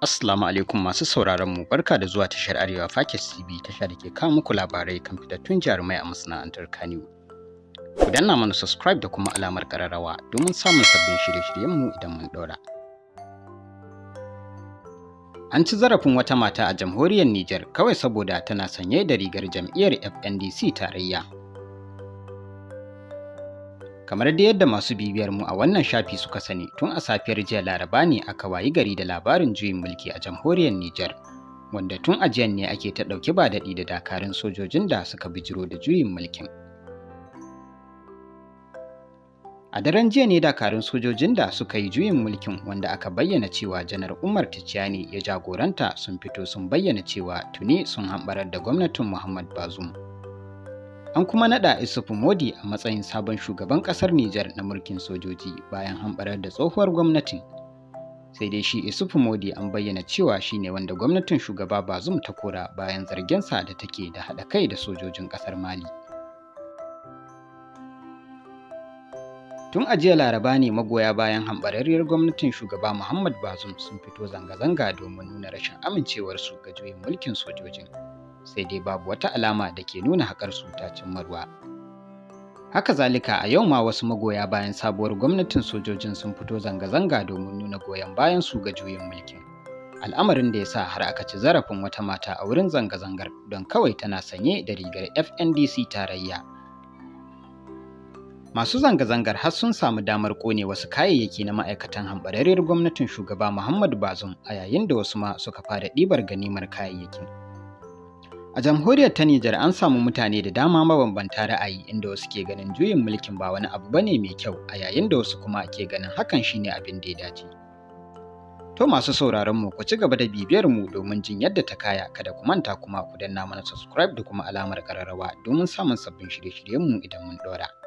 Assalamu alaikum masu sauraron mu barka da zuwa tashar Arewa Fakis TV tasha da ke kawo muku labarai kan fitattun jarumai a masana'antar Kano. Ku danna mana subscribe da kuma alamar kararrawa domin samun sabbin shirye-shiryen mu idan mun ɗora. An ci zarafin wata mata a jamhuriyar Niger kawai saboda tana sanye da rigar jam'iyyar FNDC tarayya. Kamar da yadda masu bibiyar mu a wannan shafi suka sani tun a safiyar jiya laraba ne aka wayi gari da labarin juyin mulki a jamhuriyar Nijar. Wanda tun a jiyan ne ake ta ɗauki ba daɗi da dakarun sojojin da suka bijiro da juyin mulkin. A daren jiya ne dakarun sojojin da suka yi juyin mulkin wanda aka bayyana cewa janar Umar Tijjani ya jagoranta sun fito sun bayyana cewa tuni sun hambarar da gwamnatin Muhammad Bazoum. An kuma naɗa Isufu Modi a matsayin sabon shugaban ƙasar Nijar na mulkin sojoji bayan hamɓarar da tsohuwar gwamnatin. Sai dai shi Isufu Modi an bayyana cewa shi ne wanda gwamnatin shugaba Bazum ta kora bayan zargensa da take da haɗa kai da sojojin ƙasar Mali. Tun a laraba ne magoya bayan hambararriyar gwamnatin shugaba Muhammad Bazum sun fito zanga-zanga domin nuna rashin amincewarsu ga juyin mulkin sojojin. sai dai babu wata alama da ke nuna haƙar su ta cimma ruwa. Haka zalika a yau ma wasu magoya bayan sabuwar gwamnatin sojojin sun fito zanga-zanga domin nuna goyon bayan su ga juyin mulkin. Al'amarin da ya sa har aka ci zarafin wata mata a wurin zanga-zangar don kawai tana sanye da rigar FNDC tarayya. Masu zanga-zangar har sun samu damar kone wasu kayayyaki na ma'aikatan hambararriyar gwamnatin shugaba Muhammadu Bazum a yayin da wasu ma suka fara ɗibar ganimar kayayyakin. A jamhuriyar ta Nijar an samu mutane da dama mabambanta ra'ayi inda wasu ke ganin juyin mulkin ba wani abu bane mai kyau a yayin da wasu kuma ke ganin hakan shine abin da ya dace. To masu sauraron mu ku ci gaba da bibiyar mu domin jin yadda ta kaya kada ku manta kuma ku danna mana subscribe da kuma alamar kararrawa domin samun sabbin shirye-shiryen mu idan mun dora.